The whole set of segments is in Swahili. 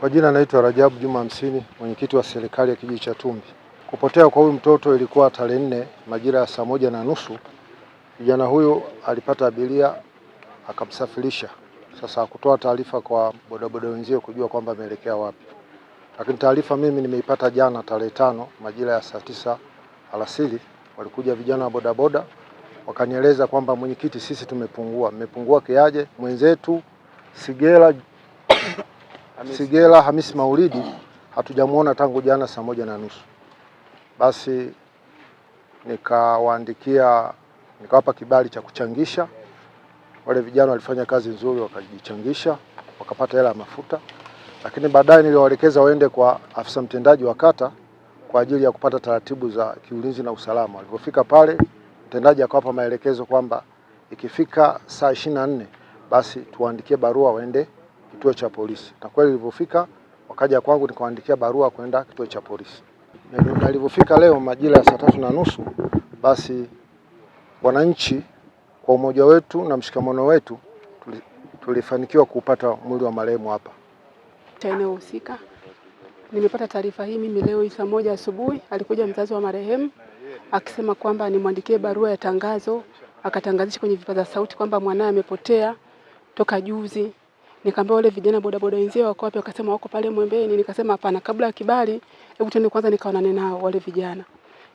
Kwa jina naitwa Rajabu Juma Hamsini, mwenyekiti wa serikali ya kijiji cha Tumbi. Kupotea kwa huyu mtoto ilikuwa tarehe nne majira ya saa moja na nusu. Kijana huyu alipata abiria akamsafirisha, sasa akutoa taarifa kwa bodaboda wenzio kujua kwamba ameelekea wapi, lakini taarifa mimi nimeipata jana tarehe tano majira ya saa tisa alasiri, walikuja vijana wa bodaboda wakanieleza kwamba mwenyekiti, sisi tumepungua. Mmepungua kiaje? Mwenzetu Sigela Sigela Hamisi Maulidi hatujamuona tangu jana saa moja na nusu. Basi nikawaandikia nikawapa kibali cha kuchangisha. Wale vijana walifanya kazi nzuri, wakajichangisha wakapata hela ya mafuta, lakini baadaye niliwaelekeza waende kwa afisa mtendaji wa kata kwa ajili ya kupata taratibu za kiulinzi na usalama. Walipofika pale, mtendaji akawapa maelekezo kwamba ikifika saa ishirini na nne basi tuwaandikie barua waende kituo cha polisi, na kweli nilipofika wakaja kwangu nikawaandikia barua kwenda kituo cha polisi. Nilipofika leo majira ya saa tatu na nusu, basi wananchi kwa umoja wetu na mshikamano wetu tulifanikiwa kupata mwili wa marehemu hapa eneo husika. Nimepata taarifa hii mimi leo saa moja asubuhi, alikuja mzazi wa marehemu akisema kwamba nimwandikie barua ya tangazo, akatangazisha kwenye vipaza sauti kwamba mwanaye amepotea toka juzi. Nikaambia wale vijana boda boda wenzio wako wapi? Wakasema wako pale Mwembeni. Nikasema hapana, kabla ya kibali, hebu twende kwanza nikaonane nao wale vijana.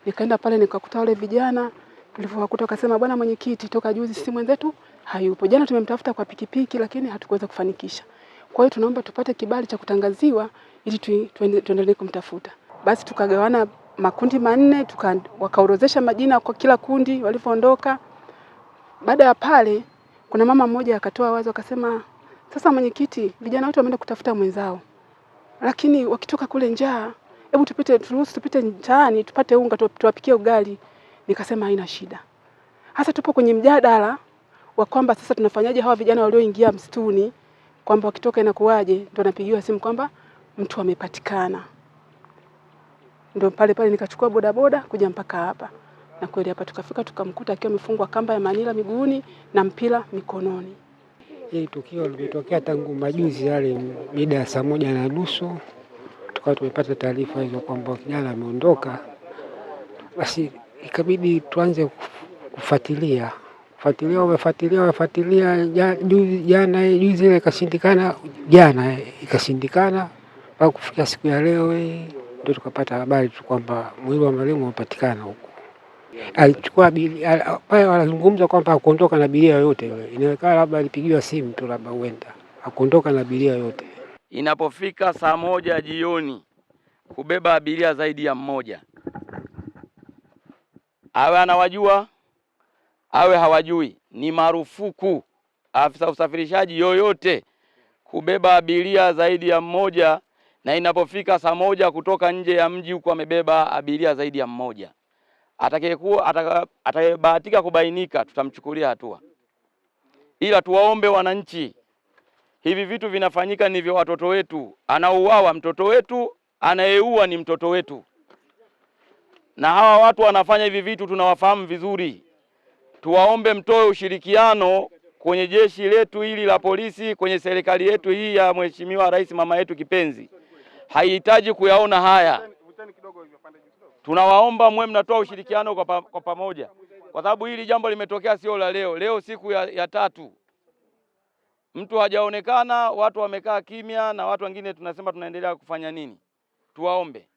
Nikaenda pale nikakuta wale vijana, nilipowakuta wakasema, bwana mwenyekiti, toka juzi sisi mwenzetu hayupo, jana tumemtafuta kwa pikipiki lakini hatukuweza kufanikisha, kwa hiyo tunaomba tupate kibali cha kutangaziwa ili tuendelee kumtafuta. Basi tukagawana makundi manne, tuka wakaorozesha majina kwa kila kundi walipoondoka. Baada ya pale, kuna mama mmoja akatoa wazo akasema sasa mwenyekiti, vijana wote wameenda kutafuta mwenzao, lakini wakitoka kule njaa, hebu tupite, turuhusu tupite mtaani tupate unga tuwapikie ugali. Nikasema haina shida. Hasa tupo kwenye mjadala wa kwamba sasa tunafanyaje hawa vijana walioingia msituni, kwamba wakitoka inakuwaje? Ndo anapigiwa simu kwamba mtu amepatikana. Ndo pale pale nikachukua bodaboda kuja mpaka hapa, na kweli hapa tukafika, tukamkuta akiwa amefungwa kamba ya manila miguuni na mpira mikononi. Hili tukio limetokea tangu majuzi yale mida ya saa moja na nusu, tukawa tumepata taarifa hizo kwamba kijana ameondoka. Basi ikabidi tuanze kufuatilia fuatilia, wamefuatilia wamefuatilia, jana juzi ile ikashindikana, jana ikashindikana, mpaka kufikia siku ya leo hii ndio tukapata habari tu kwamba mwili wa marehemu umepatikana huku alichukua pale, wanazungumza kwamba akuondoka na bilia yoyote yule. Inawezekana labda alipigiwa simu tu, labda huenda akuondoka na bilia yoyote. Inapofika saa moja jioni, kubeba abiria zaidi ya mmoja, awe anawajua awe hawajui, ni marufuku afisa usafirishaji yoyote kubeba abiria zaidi ya mmoja, na inapofika saa moja kutoka nje ya mji huko amebeba abiria zaidi ya mmoja atakayekuwa atakayebahatika kubainika tutamchukulia hatua, ila tuwaombe wananchi, hivi vitu vinafanyika ni vya watoto wetu. Anauawa mtoto wetu, anayeua ni mtoto wetu, na hawa watu wanafanya hivi vitu tunawafahamu vizuri. Tuwaombe mtoe ushirikiano kwenye jeshi letu hili la polisi, kwenye serikali yetu hii ya Mheshimiwa Rais mama yetu kipenzi, haihitaji kuyaona haya. Tunawaomba mwe mnatoa ushirikiano kwa, pa, kwa pamoja, kwa sababu hili jambo limetokea sio la leo. Leo siku ya, ya tatu mtu hajaonekana, watu wamekaa kimya na watu wengine tunasema tunaendelea kufanya nini? Tuwaombe.